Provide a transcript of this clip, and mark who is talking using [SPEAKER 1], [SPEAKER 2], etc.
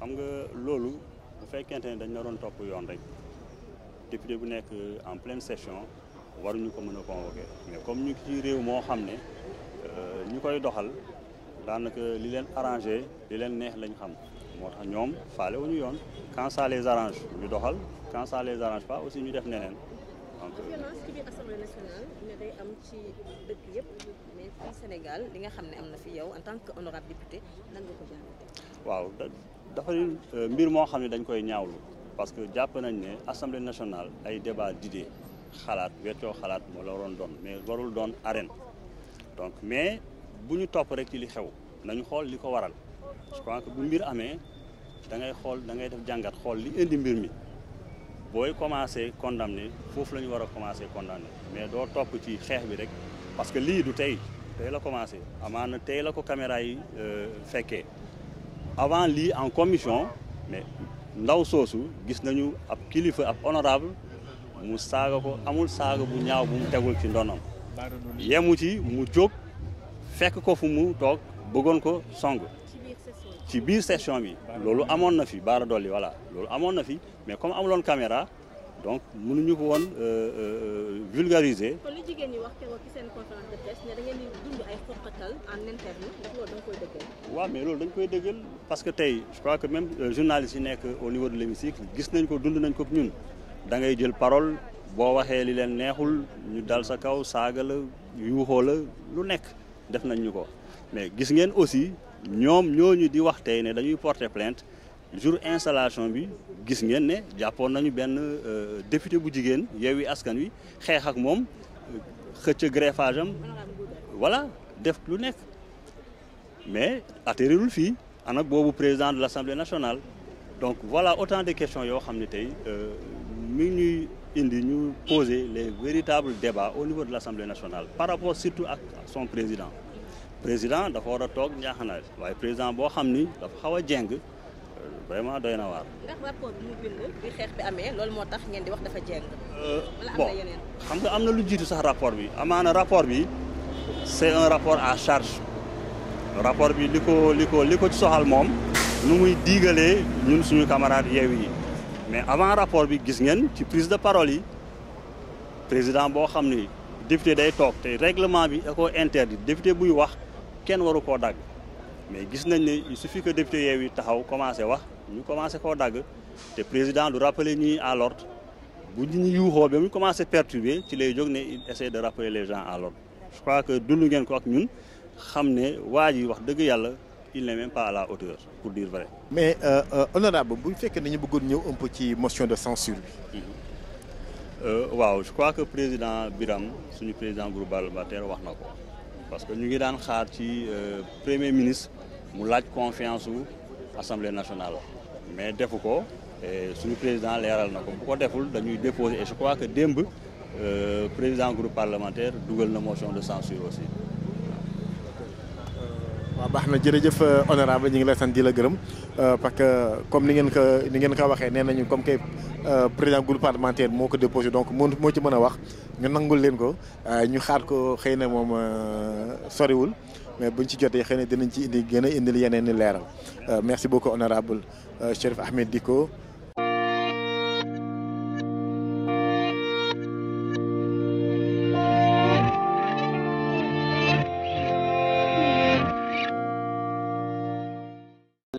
[SPEAKER 1] xam nga loolu bu fekkente ne dañ la doon topp yoon rek député bu nekk en pleine session ñu ko mën a convoquer mais comme ñu ci réew moo xam ne euh, ñu koy doxal daanaka li leen arrangé li leen neex lañ xam moo tax ñoom faale ñu yoon quand ça les arrange ñu doxal quand ça les arrange pas aussi ñu def neneen donc euh,
[SPEAKER 2] ci biir assemblée nationale ne day yëpp Sénégal li nga xam ne am na fi yow en tant que honorable député
[SPEAKER 1] waaw dafa euh, mbir moo xam ne dañ koy ñaawlu parce que jàpp nañ ne assemblée nationale ay débat d'idées xalaat weccoo xalaat moo la waroon doon mais warul doon arène donc mais bu ñu topp rek ci li xew nañu xool li ko waral je crois bu mbir amee da ngay xool da ngay def jàngat xool li indi mbir mi booy commencé condamné foofu la ñu war a commencé condamné mais doo topp ci xeex bi rek parce que lii du tey tey la commencé amaana tey la ko caméra yi euh, fekkee avant lii en commission mais ndaw soosu gis nañu ab kilifa ab honorable mu saaga ko amul saaga bu ñaaw bu mu tegul ci ndonam yemu ci mu jóg fekk ko fu mu toog bëggoon ko song ci biir session bi loolu amoon na fi baara dolli voilà loolu amoon na fi mais comme amuloon caméra donc mënuñu ko woon euh, euh, vulgariser. kon li waaw mais loolu dañ koy dëggal parce que tey je crois que même euh, journalistes yi nekk au niveau de l'hémicycle gis nañ ko dund nañ ko ñun da ngay jël parole boo waxee li leen neexul ñu dal sa kaw saaga la yuuxoo la lu nekk def nañ ñu ko mais gis ngeen aussi ñoom ñooñu di wax tey ne dañuy porter plainte. jour installation bi gis ngeen ne jàppoon nañu benn euh, député bu jigéen Yewwi Askan Wi xeex ak moom euh, xëcc greffage am voilà def lu nekk mais atterrirul fii anak boobu président de l' assemblée nationale donc voilà autant de question yoo xam ne tey euh, mi ñuy indi ñu poser les véritables débats au niveau de l' assemblée nationale par rapport surtout ak son président président dafa war a toog njaaxanaay waaye président boo xam ni dafa xaw a jeng vraiment doy na waar.
[SPEAKER 2] ndax rapport wax
[SPEAKER 1] euh, na xam nga am na lu jiitu sax rapport bi amaana rapport bi c'est un rapport à charge rapport bi li ko li ko li soxal moom nu muy diigalee ñun suñu camarades yeew yi mais avant rapport bi gis ngeen ci prise de parole yi président boo xam ni député day toog te règlement bi da koo interdit député buy wax kenn waru koo dagg. mais gis nañ ne il suffit que député yeew yi taxaw commencé wax ñu commencé koo dagg te président du rappeler ñi à l'ordre bu ñu yuuxoo ba mu commencé perturber ci lay jóg ne il essaie de rappeler les gens à l'ordre je crois que dund ngeen ko ak ñun xam ne waa ji wax dëgg yàlla il n'est même pas à la hauteur
[SPEAKER 3] pour dire vrai. mais euh, euh, honorable bu fekkee nañu bëggoon ñëw un peu ci motion de censure
[SPEAKER 1] bi. Mhm. Euh, waaw je crois que président Biram suñu président groupe parlementaire wax na ko parce mu laaj confiance wu assemblée nationale mais defu ko suñu président leeral na ko bu ko deful dañuy déposer et je crois que démb euh, président groupe parlementaire dugal na motion de censure aussi
[SPEAKER 3] waaw baax na jërëjëf euh, honorable ñu ngi lay sant di la gërëm euh, parce que comme ni ngeen ko ni ngeen ko waxee nee nañu comme que euh, président groupe parlementaire moo ko déposé donc moo moo ci mën a wax nga nangul leen ko ñu xaar ko xëy na moom soriwul mais buñ ci jotee xëy na dinañ ci indi gën a indil yeneen i leeral merci beaucoup honorable Chérif Ahmed ko